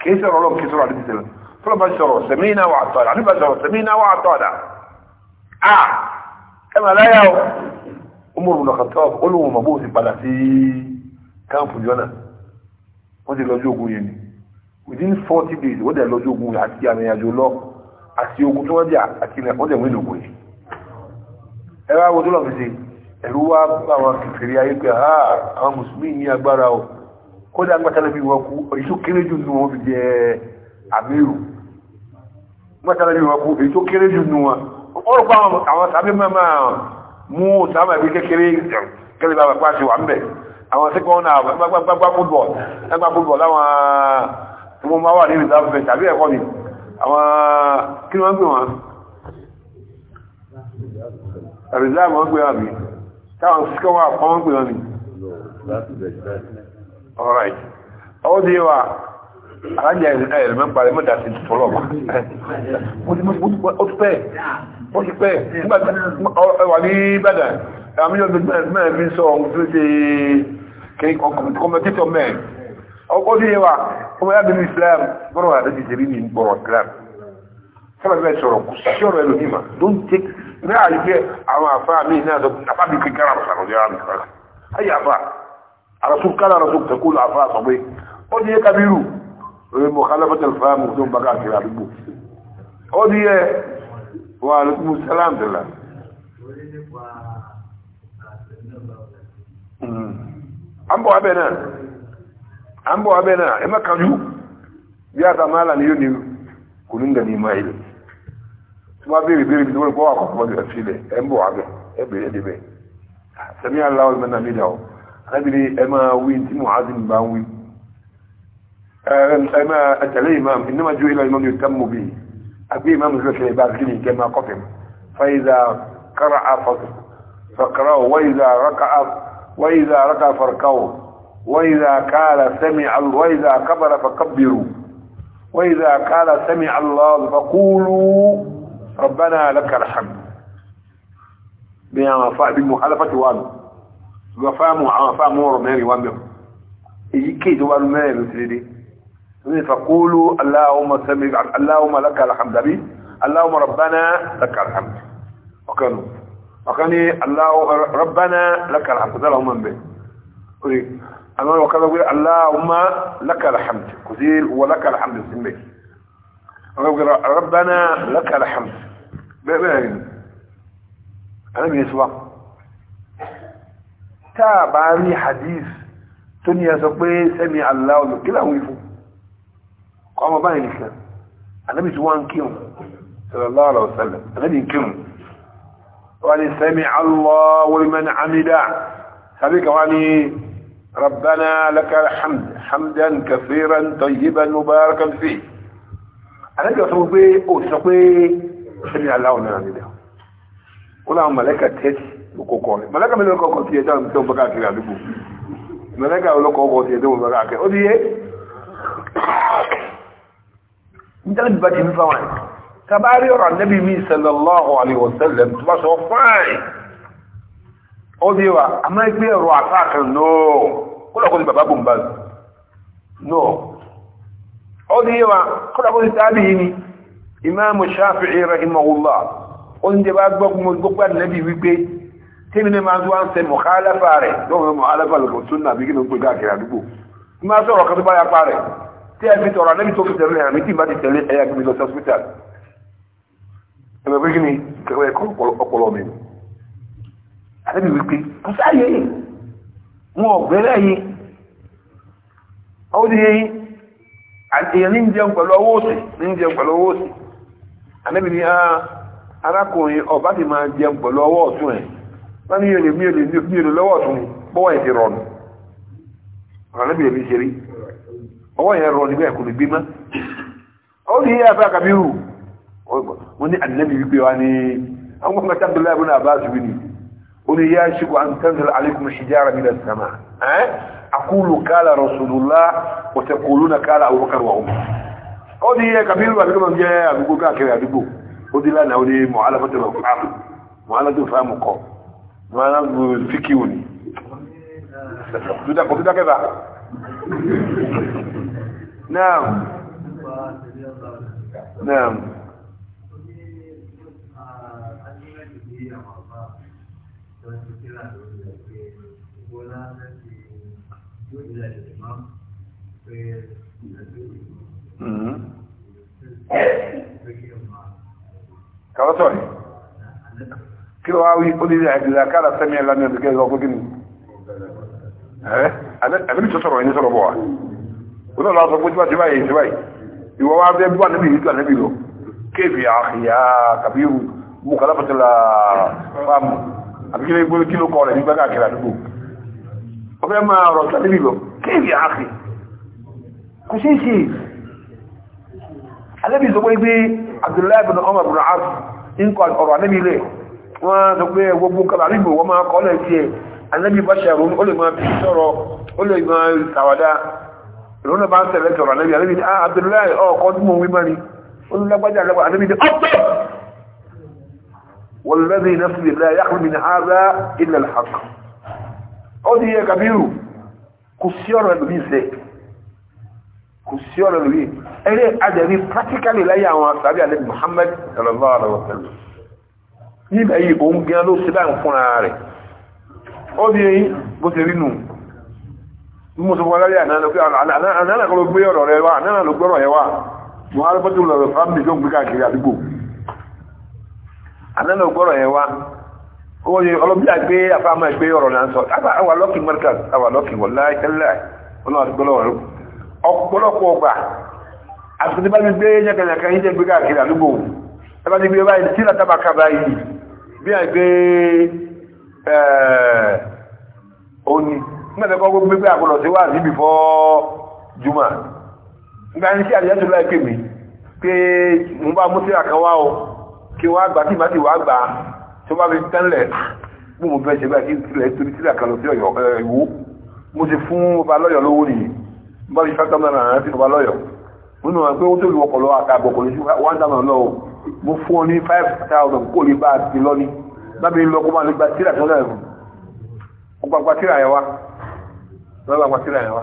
kìí sọ̀rọ̀ lọ́wọ́ kìí sọ̀rọ̀ àdébì sẹ̀lẹ̀ fọlọ́bà sọ̀rọ̀ sẹ̀mínà wà àtọ̀dà àdébà sọ̀rọ̀ sẹ̀mínà wà àtọ̀dà à ẹ mà láyà o Umar bin Khattab olóhùn màbó ti padà àti ogun tí wọ́n jà àti ilẹ̀ wọ́n tẹ̀wé ìlògùn yìí ẹ wá wo tó lọ fi ṣe ẹ̀rú wá bá àwọn kèfèrí ayé pé ha àwọn mùsùlùmí ní agbára o kódà gbàtàlẹ́ bí wọn kú èyí tó kéré jù nínú wọn fi jẹ àmírù gbàtàlẹ́ bí wọn kú èyí tó kéré jù nínú wọn wọ́n rò pé àwọn sábẹ́ máa mú sábà bí kékeré kẹ́lẹ́ bá wà pàṣẹ wà ń bẹ̀ àwọn sẹ́kọ̀ọ́ náà gbàgbàgbà àwọn kí wọ́n gbé wọn àrìsáàbù wọ́n gbé wọn táwọn síkọwà pọ́n gbé wọn bí alright ọwọ́ dí wà alájẹ́ ẹ̀rẹ̀ mẹ́pàá rẹ̀ mọ́dá sí tọ́lọ́wà ó ti pẹ́ ó ti pẹ́ wà ní Ìbàdàn ọkọ̀ sí ẹwà ọmọ yá bínú islam gbọ́rọ̀ àdájú jẹ́rí ní gbọ́rọ̀ islam sábà bẹ́ẹ̀ sọ̀rọ̀ kò sí ọ̀rọ̀ ẹlòmíma ló ń tẹ́ ní àyè pé àwọn àfa mi náà sọ àfa mi kékeré àwọn sàrọ̀ ní ara mi sọ̀rọ̀ ayé àfa àràsù kálá àràsù tẹ̀kó lọ àfa sọ pé ó di yẹ kábírù òye mọ̀ kálífàtà fáàmù tó ń bá káàkiri àdúgbò ó di yẹ wà lókùnmù sálàm tẹ̀lá. an bọ̀ abẹ náà an bọ̀ abẹ́ náà ẹ mẹ́kànjú bí a sàmà àlà ni yóò ní kò ní gani ma ilẹ̀ tí wọ́n bèèrè bèèrè bíi wọ́n wà kọ́kọ́ bí ẹ̀fí lẹ̀ ẹ ń bọ̀ abẹ́ ẹ bèèrè ẹ̀dẹ̀ bẹ́ẹ̀ sẹ́mi aláwọ̀ ẹ̀mẹ́ náà mídà ọ́ alábìrì ẹ máa wí tí mo á sì imam iná máa jó imam yóò tẹ́ mọ́ bí àgbé imam ìfẹ́fẹ́ bá kí ni kẹ́ máa kọ́fẹ́ fàyíza kára àfọ̀tò fàkàrà wáyíza وإذا قال سمع وإذا كبر فكبروا وإذا قال سمع الله فقولوا ربنا لك الحمد بمخالفة وان وفاء آه، مور رميري وان يكيد إيه وان ميري سيدي يعني فقولوا اللهم سمع اللهم لك الحمد بي اللهم ربنا لك الحمد وكانوا وكان إيه؟ الله ربنا لك الحمد اللهم به oye àwọn ọ̀rọ̀ kan lọ́gbẹ́ Allahumma lakal hamd kò sí wọ lakal hamd sí mẹ́ àwọn ọ̀rọ̀ rabbana lakal hamd bẹ́ẹ̀ bẹ́ẹ̀ ni àwọn ènìyàn sọ tá a bá rí hadith tó ní ẹsọ pé sẹ́mi Allah olù kí láwọn ìfún kọ́ ọmọ báyìí nìkan anábì tí wọ́n ń kírun sallallahu alaihi wasallam anábì ń kírun wọ́n ni sẹ́mi Allah wọ́n ni amida sàbí kàwá ni ربنا لك الحمد حمدا كثيرا طيبا مباركا فيه انا جا سو بي او سو بي سمي الله ونا ني ده ولا ملائكه تيت كوكو ملائكه ملائكه كوكو تي جا متو بكا كي ابو ملائكه ولا كوكو تي دو بكا كي او دي إيه؟ انت اللي بدي من كباري تبارك النبي صلى الله عليه وسلم تبارك فاين ọdí wa a máa gbé ẹ̀rọ àtàkì náà kọ́lọ̀kọ́ sí bàbá bùnbà náà ọdí wa kọ́lọ̀kọ́ sí tàbí yìí ni imáàmù Shafi'i rahimahullah oúnjẹ bá gbọ́gbọ́ nẹ́bí wípé tí mi ní máa tó wá ń ṣe mọ̀kálàfà rẹ̀ lọ́wọ́ mọ̀kálàfà lọ́wọ́ tó nà bí kí ló ń pè káàkiri àdúgbò máa sọ̀rọ̀ kan hospital àbẹ́bí wípé kò sáyé yìí wọn ọ̀gbẹ́rẹ́ yìí ó ní èèyàn ní jẹun pẹ̀lú ọwọ́ òsì ní jẹun pẹ̀lú ọwọ́ òsì àbẹ́bí ni arákùnrin ọba ti máa jẹun pẹ̀lú ọwọ́ ọ̀tún ẹ̀ wọ́n ní yóò mi ò lè lọ́wọ́ ọ̀tún bọ́wọ́ ẹ̀ ti rọ̀nù àbẹ́bí lè fi ṣe rí ọwọ́ yẹn rọ nígbà ẹ̀kọ́ lè gbé mọ́ ó ní àbá kàbírù قل ياشك أن تنزل عليكم الحجارة من السماء أقول قال رسول الله وتقولون قال أبو بكر وعمر قد هي كبير وأبيكم من جاء أبيكو كاكري أبيكو قد لنا أولي معالفة الأفعال معالفة الفهم قوم معالفة الفكيوني تدقوا تدقوا كيف نعم نعم tó ń ṣe lórí rẹ̀ pé gbogbo láńfẹ́ ti yóò ilẹ̀ lè mọ́ pé ìdájọ́ kí o máa. kàwọ́ sọ̀rọ̀ kí ló wá wí ó ní ìdílé àkàrà sẹ́mi ẹ̀lá ní ọdún kẹ́ ọkọ̀ kí ni àbí ní sọ̀rọ̀ ẹni sọ̀rọ̀ bọ̀ wá ó náà lọ́wọ́ sọ pé tíwájú báyìí tíwá yìí ìwọ wa bẹ́ẹ̀ bí níbi ìlú àníbi lọ kéèfì àkìyà kàbí àbí kílé gbóló kí ló kọ rẹ̀ nígbà káàkiri àdúgbò ó fẹ́ máa rọ̀ tàbí bìbọ̀ kéèkì àáfì kò sí ṣe alẹ́bí sọ pé Abdullahi bin Umar bin As ń kọ ọ̀rọ̀ alẹ́bí rẹ̀ wọ́n sọ pé gbogbo kan ah, Abdullahi ọkọ̀ tí mo wí ni ó ní lágbájá alẹ́bí والذي نفسي لا يخلو من هذا إلا الحق أودي يا كبير كسيور البيسة كسيور البيسة أنا أدري practically لا يعوى صحابي على محمد صلى الله عليه وسلم níbẹ̀ yìí òun gan ló ṣe báyìí fúnra rẹ̀ ó bí i bó ṣe rí nù mú sọ fún aláyà náà lọ gbé ọ̀rọ̀ rẹ̀ wà náà lọ gbọ́rọ̀ rẹ̀ wà mú alẹ́bọ́tò lọ̀rọ̀ fámìlì tó ń gbé káàkiri àdúgbò àná ló gbọ́rọ̀ yẹn wá oye ọlọ́bí àgbé afáàmà ìgbé ọ̀rọ̀ náà sọ àwà lọ́kì mọ́ríkàs àwà lọ́kì wọ̀láì tẹ́lẹ̀ ọ̀pọ̀lọpọ̀ ọgbà àti tí bá ti gbé yẹ́kẹ̀yẹ̀kẹ́ yíjẹ́ gbé káàkiri àdúgbò kaba mo o kí wọ́n àgbà tí ìbá ti wà àgbà tí wọ́n bá fi tẹ́lẹ̀ mú mo fẹ́ ṣe báyìí kí ilẹ̀ torí sílẹ̀ kan lọ sí ọ̀yọ́ ìwó mo ti fún ọba lọ́yọ̀ lówó nìyí mo bá fi fẹ́tọ́ mẹ́rin àrán sí ọba lọ́yọ̀ mo nù wọn pé ó tó lu ọkọ̀ lọ àtàbọ̀ kò ní sí one thousand lọ o mo fún ọ ní five thousand kó lè bá a ti lọ ní bá mi lọ kó máa lè gba tíra tó lẹ́rù kó gbàgbà yẹn wá lọ́gbàgbà tíra yẹn wá.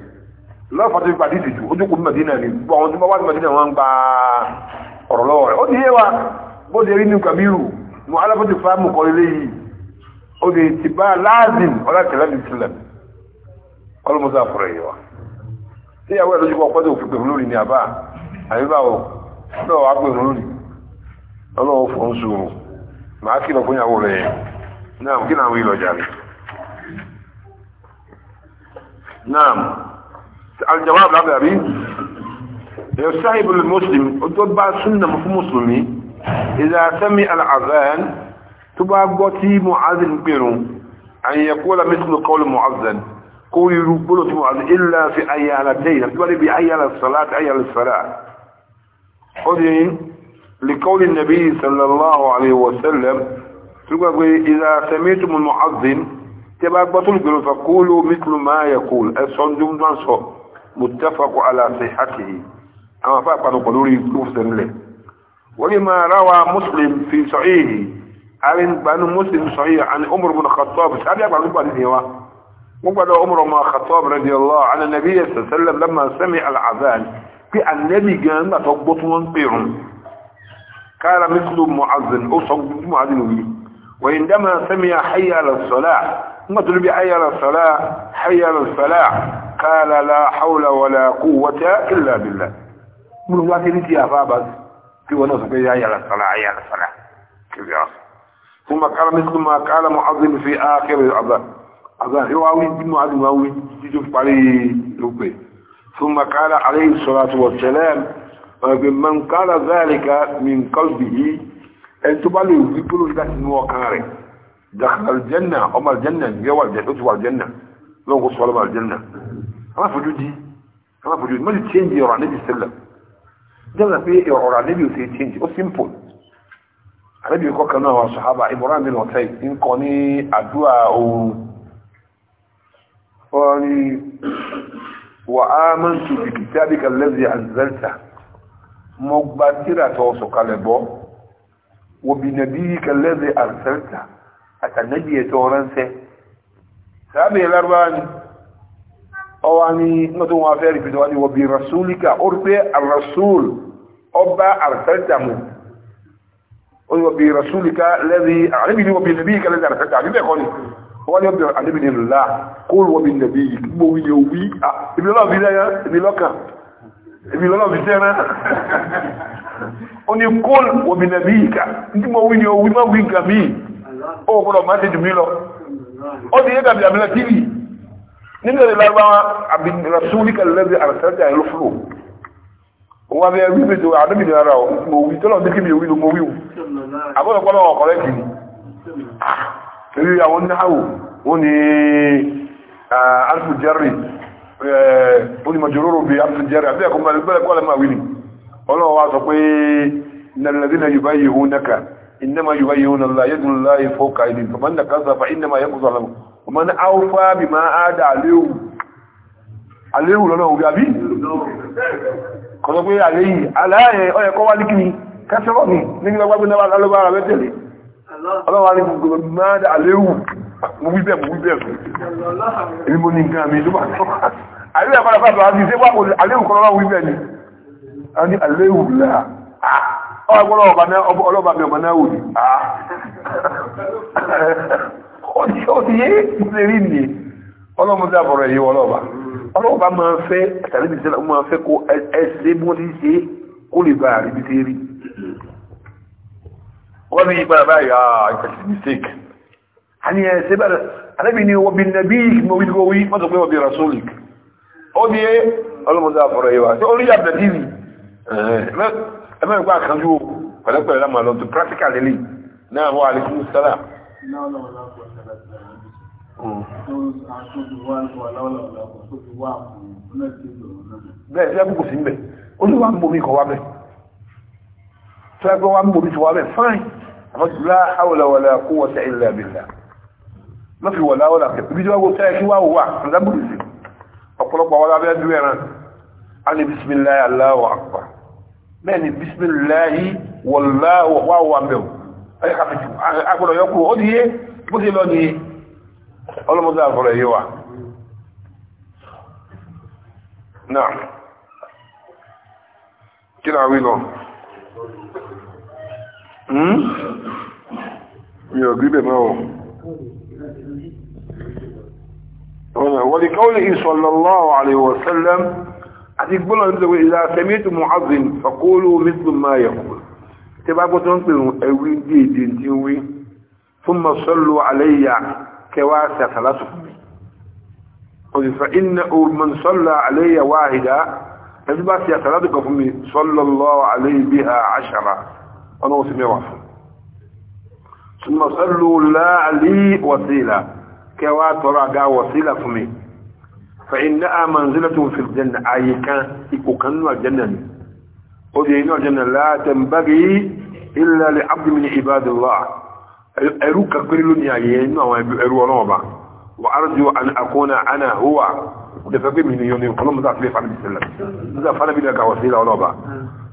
lọ́pàá tó fi pàdé ìtìjú ojú kò mẹ́dínà ní gbogbo àwọn tó bá wà ní mẹ́dínà wọ́n ń gba ọ̀rọ̀ lọ́wọ́ rẹ̀ ó ti yé wa bó ṣe rí ní kàmírù ní alábọ́ ti fáàmù kọ ilé yìí ó lè ti bá láàzìm ọlọ́kẹ̀lẹ́ ní sílẹ̀ ọlọ́mọdé àfọ̀rọ̀ yìí wa tí ìyàwó ẹ̀ lójú kọ́ pẹ́ẹ́tò òfin pẹ̀lú lórí ní àbá àyíbáwò lọ́wọ́ wá pẹ̀lú lórí ọlọ́wọ́ fọ́ ń sùn màá kìlọ̀ fún ìyàwó náà الجواب لعبد العبيد يستحب للمسلم بقى سنة مفهوم مسلمي إذا سمع الأذان تبع بوتي معاذن بيرو أن يقول مثل قول معاذن قول يقول معاذن إلا في أيالتين تبقى بأيال الصلاة أيال الصلاة خذين لقول النبي صلى الله عليه وسلم تبقى إذا سمعتم المعاذن تبع قوتي فقولوا مثل ما يقول الصندوق نصر متفق على صحته أما فأقبل قلوري كفسن له ولما روى مسلم في صحيحه قال بأن مسلم صحيح عن عمر بن الخطاب هذا يقبل نقبل نيوه وقال عمر ما الخطاب رضي الله عن النبي صلى الله عليه وسلم لما سمع العذان في النبي كان ما تضبط وانطيرهم قال مثل معزن صوت معزن به وعندما سمع حي على الصلاة ما تقول حي على الصلاة حي على الصلاة قال لا حول ولا قوة إلا بالله من الله تريد يا بابا في ونصف يا يا الصلاة يا الصلاة كبيرة ثم قال مثل ما قال معظم في آخر الأذان أذان بن معظم يواوي يجب عليه ربي ثم قال عليه الصلاة والسلام من قال ذلك من قلبه أن تبالي يقولوا لك نوع كاري دخل الجنة أم الجنة يوال الجنة أتوى الجنة لو قصوا الجنة àwọn àfojúdi àwọn àfojúdi mọ́sí change ọ̀rọ̀ ànábì sẹ́lẹ̀ jẹ́nà pé ọ̀rọ̀ ànábì ò sí change ó simple ànábì kọ́ kan náà wà sọ̀hábà Ibrahim bin ọ̀tẹ́ ń kọ́ ní àdúrà òun wọ́n wà á máa ń tu bìkítàbíkà lẹ́sì àzẹ́lta mọ́ gba tíra tó sọ̀kalẹ̀ bọ́ wọ́n bí nàbíkà lẹ́sì àzẹ́lta àtànàbì ẹ̀tọ́ ránṣẹ́ sábẹ̀ lárúbáwá ni ọwá ní nọ́tí wọn fẹ́ rìpìtì wá ní wọ́n bí rasulika ó rí pé rasul ọba àrẹ́tàmù ó ní wọ́n bí rasulika lẹ́bí àníbi ní wọ́n bí nàbí ìkẹlẹ́ àrẹ́tàmù àbí bẹ́ẹ̀ kọ́ ni wọ́n ní wọ́n bí àníbi ní lọ́la kó wọ́n bí nàbí gbogbo wí ibi lọ́la fi lẹ́yà ibi lọ́kàn ibi lọ́la fi tẹ́ ó ní kó wọ́n bí nàbí ìkà ní mo wí ni òwí mí nílẹ̀ ní lárúbáwá àbí rasulika lẹ́bí àrẹsẹ́jà ìlú fúlò wọ́n bẹ wí pé àdébì ní ara mo wí tọ́lọ̀ ní kí mi wí mo wí wù àbọ̀lọpọ̀lọ ọ̀kọ̀rẹ́ kì í rí àwọn náhàwò wọ́n ni ah, ah, alfujari إنما يبين الله يد الله فوق أيدي فمن كذب فإنما يكذب على ومن أوفى بما أدى عليه عليه لنا هو بيبي كذب عليه على أي أي قوة لكني كسرني نيجي نقول بنا على الله على بيتي الله عليه ما عاد عليه mubi bẹ́ẹ̀ mubi bẹ́ẹ̀ fún ẹni mo ní nǹkan mi ló bá tọ́ àríwá ìpàdàpàdà àti ìṣẹ́wà àléhùn kan lọ́wọ́ wí bẹ́ẹ̀ ni a ní àléhùn láà ọgbọ́n ọlọ́ba mi ọba náà wò ní àá ah. ó ti yé ìpínlẹ̀ rí nìyí ọlọ́mọdé àbọ̀rọ̀ èyí ọlọ́ba ọlọ́ba máa fẹ́ àtàlẹ́bí sẹ́lẹ̀ máa fẹ́ kó ẹsẹ̀ bí wọ́n ti ṣe kó lè bá àríbí tí rí wọ́n ní ìgbà báyìí àà ah, ìkàtí mistake a ní ẹsẹ̀ bẹ̀rẹ̀ àlẹ́bí ni wọ́n bí nàbí ìgbòwí gbòwí mọ́tò pé wọ́n bí rasolic ó ní ọlọ́mọdé àbọ̀rọ̀ èyí wa ẹmọ ìgbà kanjú o pẹ̀lẹ́pẹ̀lẹ́ lámà lọ tó practical lélẹ̀ náà wọ́n alẹ́kùn sálà. bẹ́ẹ̀ sí ẹkùnkùn sí mbẹ̀ olúwa ń bomi kọ̀ wá bẹ̀ tó ẹgbẹ́ wa ń bomi kọ̀ wá bẹ̀ fine àmọ́ tí lá hawla wala quwwata illa billah má fi wọ̀lá wọ̀lá kẹ̀ ibi tí wọ́n wọ́n sẹ́yẹ kí wá wà ọ̀pọ̀lọpọ̀ wọ́n lábẹ́ dúró ẹran a ní bismillah Allahu akbar bẹ́ẹ̀ni bisimilahi wọ̀lá wà wà mẹ́wò ẹ̀yẹ kàfẹ́jù agbọ́dọ̀ yọkù ó di yé bó ti lọ ní ọlọ́mọdé àgbọ̀rọ̀ yé wa náà kí náà wí lọ hmm? mi ò gbígbẹ̀ mọ́ wọn wọ́n ni kọ́wọ́lì sallallahu alaihi wasallam àti gbọ́nà ní ìṣòwò ìlà sẹ́mìtì mu'azzin faqulu mithlu ma yaqul tí bá gbọ́tọ́ ń pè ń ẹ̀wí dí èdè tí ń wí thumma sallu alayya kẹwàá sàtàlásù fún mi òsì fa inna man salla alayya wahida ẹbí bá sàtàlásù kan fún mi sallallahu فإنها منزلة في الجنة أي كان يكون الجنة ودين الجنة لا تنبغي إلا لعبد من عباد الله أروك كل يعين وأرو نوبة وأرجو أن أكون أنا هو دفق من يوني قلوم ذات لي فعلي بسلم إذا فعل بي لك وسيلة نوبة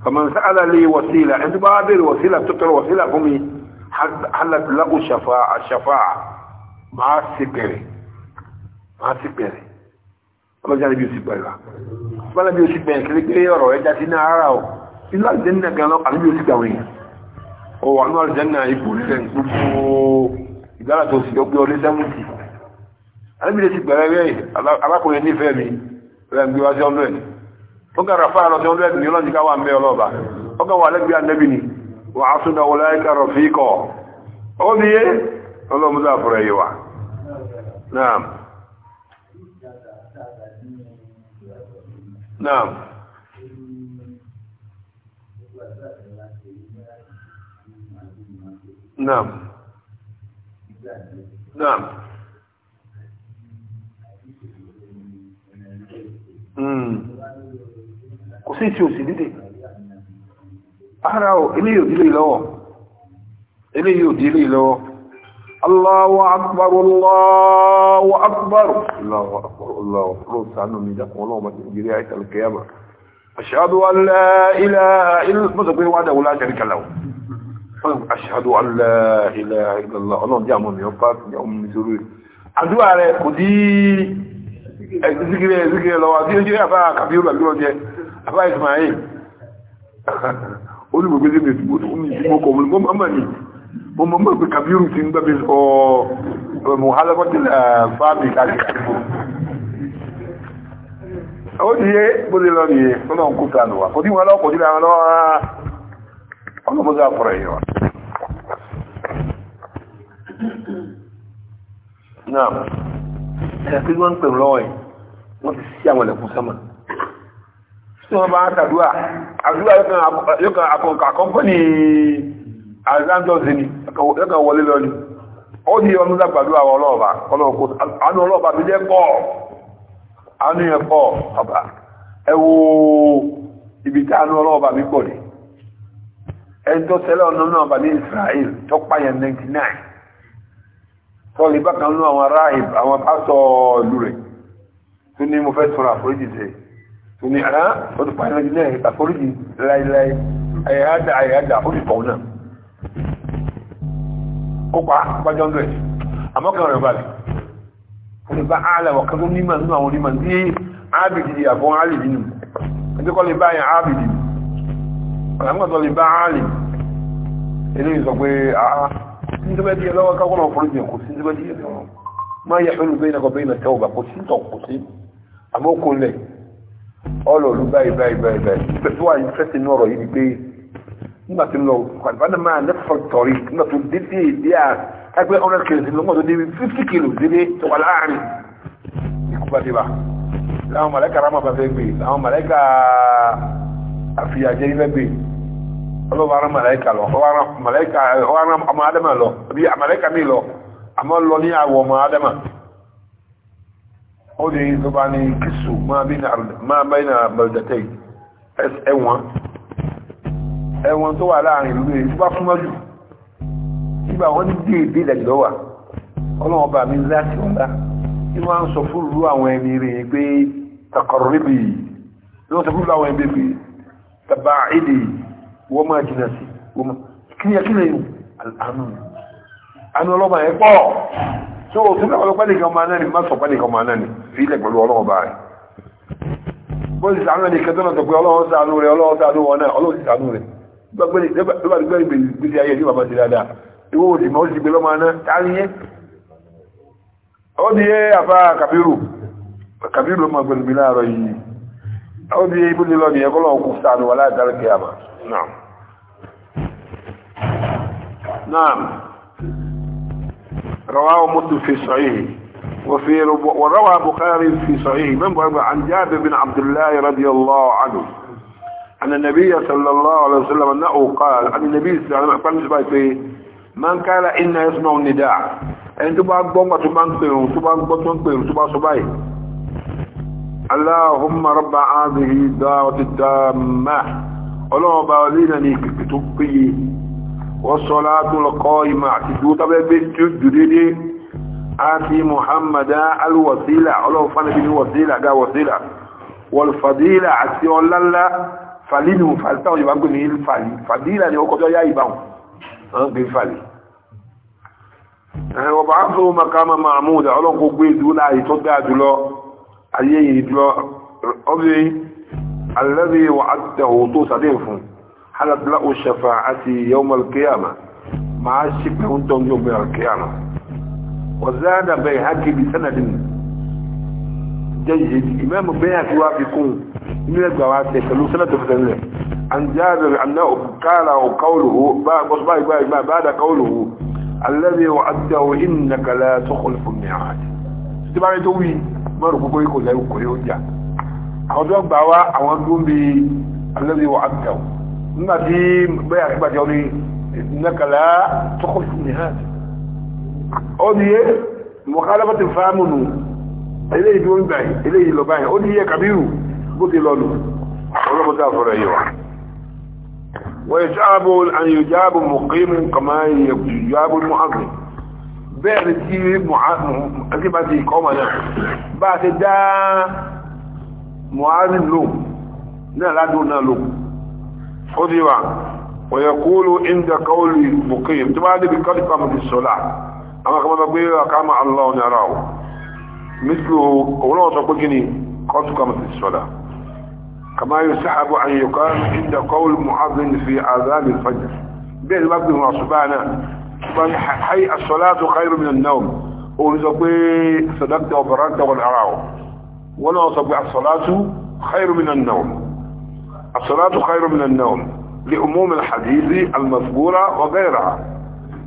فمن سأل لي وسيلة عند بعض الوسيلة تطر وسيلة فمي حلت له شفاعة شفاعة مع السبيري مع السبيري ọlọ́jà níbi òsì pẹ̀lú bọ́lá bí òsì pẹ̀lú kiri pé ọ̀rọ̀ ẹja sí náà ara ọ̀ inú àlùjẹ́nà gan àbí òsì gbà wọ̀nyí ọ wà nú àlùjẹ́nà ipò rẹ̀ gbogbo ìdára tó sì ọgbẹ́ ọdẹ sẹ́mùtì àbí òsì pẹ̀lú rẹ̀ alákùnrin nífẹ̀ẹ́ mi rẹ̀ ń gbé wá sí ọdún ẹ̀ ó kà rafa lọ sí ọdún ẹ̀ ní ọlọ́jì ká wà ń bẹ́ ọlọ́ba ó kà wà lẹ́gbẹ̀ẹ́ anẹ́bì ni wà á tún dáwọ́ láyé ká rọ̀ fi kọ̀ ó ní ọlọ́mọdé àfọ̀rẹ̀ yìí wà náà Naam. Naam. Naam. Hmm. Kò sí tí ò sí dídè. Ara ò, eléyìí ò dílé lọ́wọ́. Eléyìí ò Allahu akbar Allahu akbar Allahu akbar Allahu akbar sanu mi dákun Ọlọ́run ma ti jiri ayé alkiyama ashhadu an la ilaha illa mo sọ pé wà dáwọ́ láti ẹ̀ríkà láwọ́ ashhadu an la ilaha illallah Ọlọ́run jẹ́ àmọ́ mi ọ pa ní ọmọ mi sórí àdúrà rẹ̀ kò dí ẹ̀sìnkiri ẹ̀sìnkiri lọ́wọ́ àti ẹ̀sìnkiri àbá kàbíyó làbí ọjẹ́ àbá ìsmáyé olùgbògbé mo mọ̀ mọ̀ pé kàbírù ti ń gbẹ́bí ọ̀ mọ̀hálẹ́kọ́tì fáàbì káàkiri ó ti yé bóde lọ nìyẹ lọ́nà ń kó tánù wa kò tí wọn lọ́kọ̀ tí wọn lọ́wọ́ ọlọ́mọdé àpọ̀rọ̀ yìí wa. náà ẹ̀ka tí wọ́n ń pè lọ́wọ́ yìí wọ́n ti sí àwọn ẹ̀kún sọ́mà tí wọ́n bá ń tàdúrà àdúrà yóò kàn àkọ́kọ́ ní. àìsàndọ̀sí ni ẹ̀kàn wọlé lọ ó ní ọmọ lágbàdo àwọn ọlọ́ọ̀bà ọlọ́ọ̀kọ́ àánú jẹ́ pọ̀ yẹn pọ̀ ọba ẹ ibi tí àánú ọlọ́ọ̀bà mi pọ̀ ní 99 tọ́lì bákan nú àwọn aráàlú àwọn pásọ̀ ìlú rẹ̀ tó ní mo fẹ́ sọ̀rọ̀ kópa bájọ́ ń rẹ̀ àmọ́kàn rẹ̀ balẹ̀ olùbá ààlẹ̀wọ̀ kan tó nímọ̀ nínú àwọn onímọ̀ ní ábìdì àbọn áàlìdì nù ẹjọ́kọ́ lè báyàn ábìdì ọ̀làmọ́tọ̀ lè bá áàlì ilé ìsọ pé àá síndẹ́bẹ́dì ẹlọ́wọ́ kákọ́nà ọ̀fọ́lùjẹ̀ kò síndẹ́bẹ́dì ẹlọ́wọ́ máa yẹ pẹ̀lú bẹ́ẹ̀ nàkọ̀ bẹ́ẹ̀ nàtẹ́wọ̀ bà kò sí tọ̀ kò sí àmọ́kùnlẹ̀ ọlọ́ọ̀lù báyìí báyìí báyìí báyìí nígbà tí lọ kàlùfáàdà máa lẹ́fọ̀ tọ̀rí nígbà tó dé sí èdè à ẹgbẹ́ hundred kilo sí lọ́gbọ̀n tó dé fifty kilo dédé tó wà láàrin ìkúpa dé bá láwọn mọ̀lẹ́kà rámà bá fẹ́ gbé láwọn mọ̀lẹ́kà àfìyàjẹ́ ilẹ̀ gbé ọlọ́wọ́ ara mọ̀lẹ́kà lọ ọwọ́ ara ọmọ adama lọ bí mọ̀lẹ́kà mi lọ àmọ́ lọ ní àwọ̀ ọmọ adama ó ní tó bá ní kìsù máa bí na àrùn máa bá ní àbẹ̀lẹ̀dẹ̀tẹ̀ ẹ̀wọ̀n tó wà láàrin ìlú rẹ̀ tó bá fún mọ́jú nígbà wọ́n ti dé èdè ilẹ̀ lọ́wà ọlọ́wọ́n bá mi láti ọ̀la tí wọ́n á ń sọ fún ìlú àwọn ẹni rẹ̀ pé takọ̀rọ̀ níbi tí wọ́n sọ fún ìlú àwọn ẹni rẹ̀ tàbá èdè wọ́n máa jìnà sí kíyàkíyà yìí àánú àánú ọlọ́ba ẹ̀ pọ̀ tó o tún lọ́wọ́ pẹ́lú ìkan máa náà ni má sọ pẹ́lú ìkan máa náà ni fi ilẹ̀ pẹ̀lú ọlọ́wọ́ bá rẹ̀ sàánú ẹni kẹtọ́nà tó pé ọlọ́wọ́ sàánú rẹ̀ ọlọ́wọ́ sàánú wọn náà ọlọ́wọ́ sàánú rẹ̀ gbẹ́gbẹ́rẹ́ gbèsè ayé ní bàbá ti dáadáa ìwọ òsì mọ́ òsì pé lọ́mọ aná táyé yẹn ó di yé àbá kàbírù kàbírù ló máa gbẹ̀rù mi láàárọ̀ yìí ó di yé ibùdó lọ́nà yẹn kọ́lọ́ òkú sànù wà láàdára kí a mà náà náà رواه مسلم في صحيحه وفي وروى البخاري في صحيحه من عن جابر بن عبد الله رضي الله عنه أن النبي صلى الله عليه وسلم أنه قال أن النبي صلى الله عليه وسلم من قال إن يسمع النداء أن تبقى بوما تبقى تبقى تبقى تبقى تبقى اللهم رب هذه الدعوة التامة اللهم بأولينني كتبي والصلاة القائمة تجوت بجددي آتي محمد الوسيلة اللهم فنبني وسيلة دا وسيلة والفضيلة عسي الله fàlí ni fàlí táwọn yorùbá ń pè ní fàlí fàlí ìlànà ọkọ̀ tó yá ìbáwọn wọ́n pè fàlí ọba afro makama mahmud ọlọ́nkọ gbé ìdúró láàyè tó dáa jùlọ ayé yìí jùlọ ọbẹ̀ alẹ́bí wà á tẹ̀wò tó sàdé fún halatlá o ṣẹfà àti yawmal qiyama máa ṣe pé ń tọ́jú ọgbẹ̀ alkiyama wọ́n záàdà bẹ̀rẹ̀ hákìlì من الجواز كلو سنة تفتن له عن جابر أنه قال قوله بعد قوله الذي وعده إنك لا تخلف الميعاد تبعني توي مرفو كوي كوي كوي وجا أخذوا بوا أخذوا بي الذي وعده ما في بيع إبا جوني إنك لا تخلف الميعاد أودي مخالفة فامنوا إليه بيون باي إليه لو باي أودي كبيرو bóde lọ́nu ọlọ́mọdé àfọ́rọ̀ yìí wa wọ́n yẹ jáàbò àyè jáàbò mọ̀kímù kàmá yẹ jáàbò mọ́àgbé bẹ́ẹ̀ ni tí mọ́àgbé bá ti kọ́ ọmọ náà bá a ti dá mọ́àgbé lò náà ládùn náà lò ó di wa wọ́n yẹ kúlù ìndà kọ́ọ̀lì mọ̀kímù tó bá débi àwọn kan bá gbé ọkàmà aláwọ̀ ní ara ọ̀ mísìlò òun náà sọ pé kí ni kọ́tù كما يسحب أن يقال عند قول معظم في آذان الفجر بين ربنا هو سبحانه حي الصلاة خير من النوم ونزقي صدقت وبرانت والعراو ولا صبع الصلاة خير من النوم الصلاة خير من النوم لأموم الحديث المذكورة وغيرها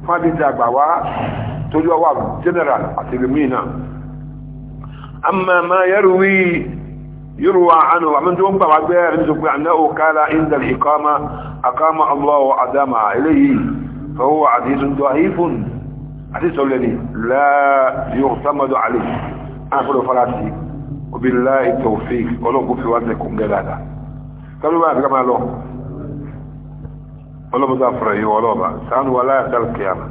فهذه تابعوا تجوا جنرال أما ما يروي يروى عنه ومن من جون بعد من أنه قال عند الإقامة أقام الله وعدمها إليه فهو حديث ضعيف حديث الذي لا يعتمد عليه أقول فراسي وبالله التوفيق ولو في وزنكم جلالا قالوا ما كما له ولو مضافر أيه ولو ما سأل ولا يسأل القيامة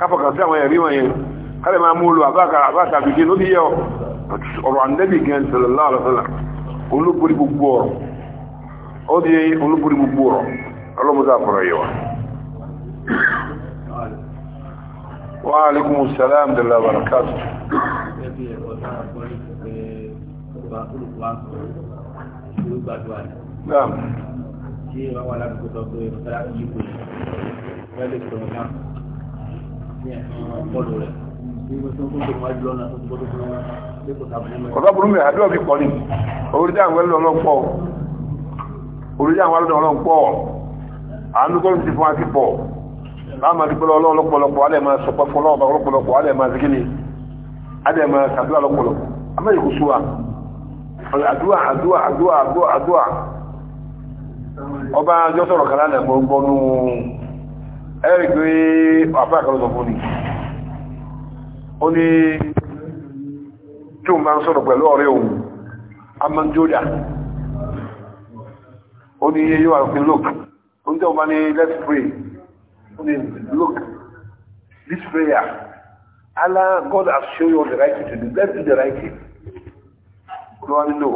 كفا قسام يبي ما قال ما مولوا أباك أباك بيجي أباك ọ̀rọ̀ àndẹ́bì gan sallallahu alaihi wasallam olóborí gbogbo ọ̀rọ̀ ó di olóborí gbogbo ọ̀rọ̀ ọlọ́mọdé àfọ̀rọ̀ yẹwà wa alaikumus salam dala barakatu Naam. Tí ọ̀dọ́ burú mi àdúrà fi pọ̀ ni orí dáhùn wẹ́lú ọlọ́pọ̀ orí dáhùn wẹ́lú ọlọ́pọ̀ àánú tó ń ti fún àti pọ̀ láàmà dúpẹ́ ọlọ́pọ̀lọpọ̀ alẹ́ máa sọpọ̀ fún ọlọ́pọ̀ ọlọ́pọ̀lọpọ̀ alẹ́ máa zikini alẹ́ máa sàdúrà lọ́pọ̀lọpọ̀ amẹ́yìn kò súwa àdúrà àdúrà àdúrà àdúrà àdúrà ọba jọ́sọ̀rọ̀ kan lánàá gbọ́ngbọ́nú ẹ̀rí pé àpá àkàlọ́sọ̀ fún ni ó ní tí òun bá ń sọ̀rọ̀ pẹ̀lú ọ̀rẹ́ òun amanjoda ó ní iye yóò àrùn look ó ń tẹ́ ọba ní let's pray ó ní look this prayer Allah God has shown you the right thing to do let's do the right thing ló wá nínú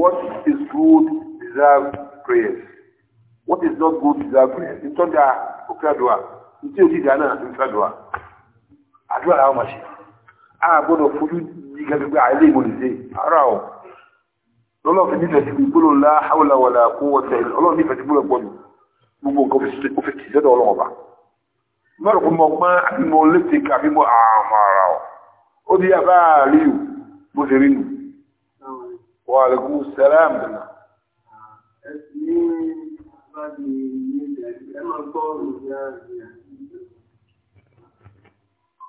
what is good deserve prayers what is not good deserve prayers nítorí àkókò àdúrà nítorí òjì ìdáná àti ìfẹ́ àdúrà àdúrà làwọn máa ṣe a gbọ́dọ̀ fojú yí gẹ́gẹ́ pé àìlè ìmọ̀ lè ṣe ara ọ̀ lọ́lọ́ fi nífẹ̀ẹ́ sí gbólóhùn ńlá hawla wala quwwata ọlọ́run nífẹ̀ẹ́ sí gbólóhùn pọ̀jù gbogbo nǹkan òfin tì sẹ́dọ̀ ọlọ́run ọba mọ́rọ̀ kó mọ gbọ́n àbí mọ létí ká àbí àmọ́ ara ọ̀ ó di yàrá ríu bó ṣe rí nu wa alaikum salam ní bá mi ní ìdẹ̀rí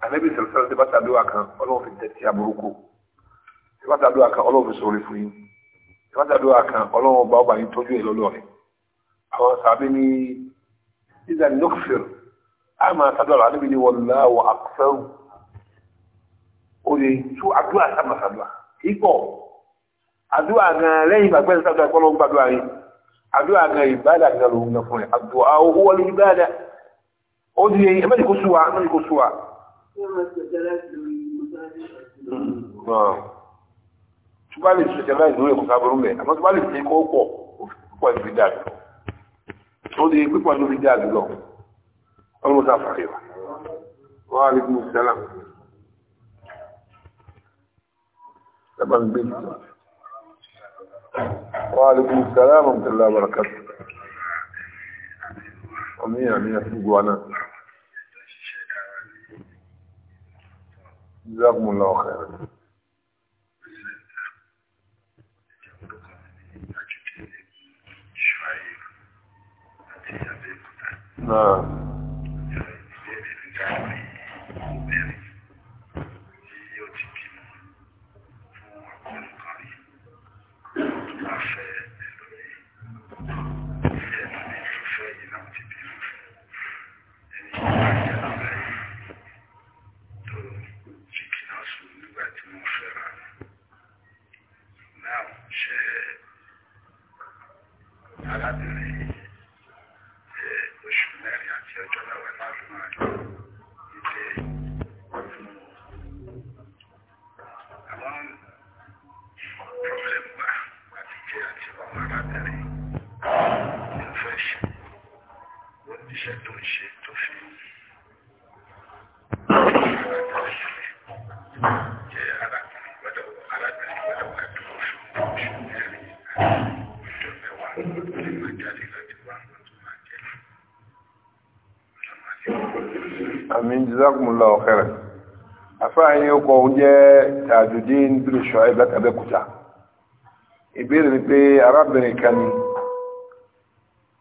anabi sẹlẹsẹlẹ tí bá sàdúrà kan ọlọ́run fi tẹ̀sí àbúrúkú tí bá sàdúrà kan ọlọ́run fi sọ̀rọ̀ fún yín tí bá sàdúrà kan ọlọ́run ọba ọba yín tọ́jú ẹ̀ lọ́lọ́ rẹ̀ àwọn sàbí ní ìdá nọ́kfìr á máa sàdúrà anabi ní wọlá wọ àkùsẹ́rù ó lè tú àdúrà sábà sàdúrà ikọ̀ àdúrà gan lẹ́yìn ìgbàgbẹ́ sàdúrà kọ́ lọ́n gbàdúrà yín àdúrà gan ìbádà gan lòun gan fún rẹ̀ àdúrà owó wọlé ó di ẹ̀mẹ́ni kó tó bá lè specialize lórí ẹ̀kọ́ sábọ̀rún mẹ́ àmọ́ tó bá lè fi kó pọ̀ púpọ̀ ìfi dà jù ó lè pípọ̀ lórí dà jù lọ ọlọ́run sá fàáyé wa wọ́n á lè fún ìsẹ́lá sábà ń gbé ìsẹ́lá wọ́n á lè Jazakumullahu khairan. Náà. Amin jazakumullahu khairan àfáàyè ọkọ̀ oúnjẹ tajudeen bin Shuaib abẹ́kúta ìbéèrè ni pé arábìnrin kan ní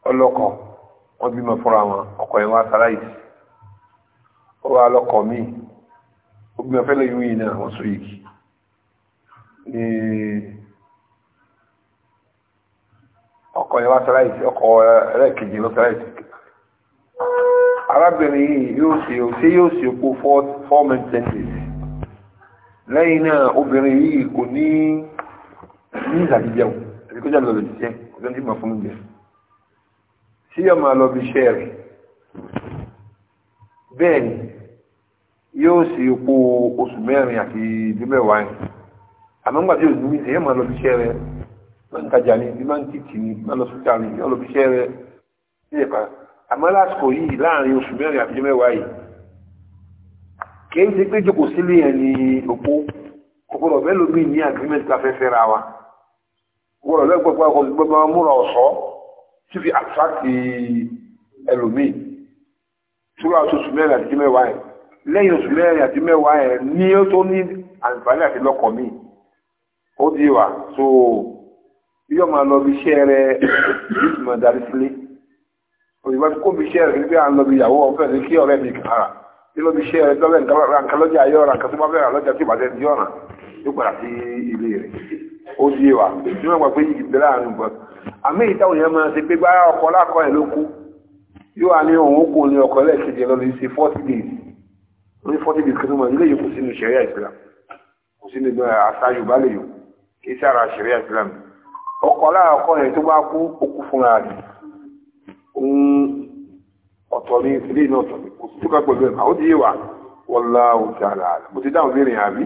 ọlọ́kọ̀ wọ́n bímọ fúnra wọn ọkọ yẹn wá sáláìsì ó wá lọ́kọ̀ míì ó bímọ fẹ́lẹ̀ yìí yìí náà wọ́n sọ yìí ní ọkọ yẹn wá sáláìsì ọkọ ẹlẹ́ẹ̀kejì lọ sáláìsì yóò ṣe o ṣé yóò ṣe kó four month sentence lẹ́yìn náà obìnrin yìí kò ní ní ìsàdíjẹun àbí kó jáde lọ lòdì iṣẹ́ kò tó ń dìbò fún oúnjẹ sí ọmọ lọ bí iṣẹ́ rẹ̀ bẹ́ẹ̀ ni yóò ṣe epo oṣù mẹ́rin àti ibi mẹ́wàá yìí àmọ́ nígbà tí yóò dúró ṣe yóò máa lọ bí iṣẹ́ rẹ̀ máa ń tajà ní bí máa ń tìtì ní máa lọ sójà ní yóò lọ iṣẹ́ rẹ̀ sí ẹ̀ka àmọ́ lásìkò yìí láàrin oṣù mẹ́rin àbíjọ́ mẹ́wàá yìí kìí ṣe pé jòkó sílé yẹn ní òpó kòkòrò ọ̀bẹ lómi ní agreement la fẹ́ fẹ́ra wa kòkòrò ọ̀bẹ gbogbo àwọn gbogbo àwọn múra ọ̀ṣọ́ tí fi attract ẹlòmíì túrọ̀ àti oṣù mẹ́rin àti mẹ́wàá yẹn lẹ́yìn oṣù mẹ́rin àti mẹ́wàá yẹn ní ó tó ní àǹfààní àti lọ́kọ̀ mi ó di wà so yóò máa lọ bí iṣẹ́ rẹ̀ yóò sì máa darí sílé òyìnbó kó mi ṣe ẹ̀rí bí à ń lọ bí ìyàwó ọ̀fẹ́ ní kí ọ̀rẹ́ mi kàrà tí ló mi ṣe ẹ̀rí lọ́wọ́ nǹkan lọ́jà ayé ọ̀rà kan tó bá bẹ̀rẹ̀ lọ́jà tí ìbàdàn ti ọ̀nà yóò padà sí ilé rẹ̀ ó di wa ní wọn gbà pé yìí bẹ láàrin gbọ àmì ìtàwọn yẹn máa ṣe pé gbá ọkọ lákọ ẹ ló kú yóò wá ní òun ó kò ní ọkọ lẹ́ẹ̀kejì lọ lè forty days ní forty days kan tó máa ilé yìí kò sínú ṣẹ̀ríà ìsìlám kò sínú eh, àṣà yorùbá lè yòó kì í sára ṣẹ̀ríà ìsìlám ọkọ láàkọ yẹn tó bá kú ó kú fúnra rẹ̀ òun ọ̀tọ̀ ní ilé náà tọ̀ kò sí tó ká pẹ̀lú ẹ̀ máa ó ti yé wa wọ́n lá òun ti àlà mo ti dáhùn léèrè àbí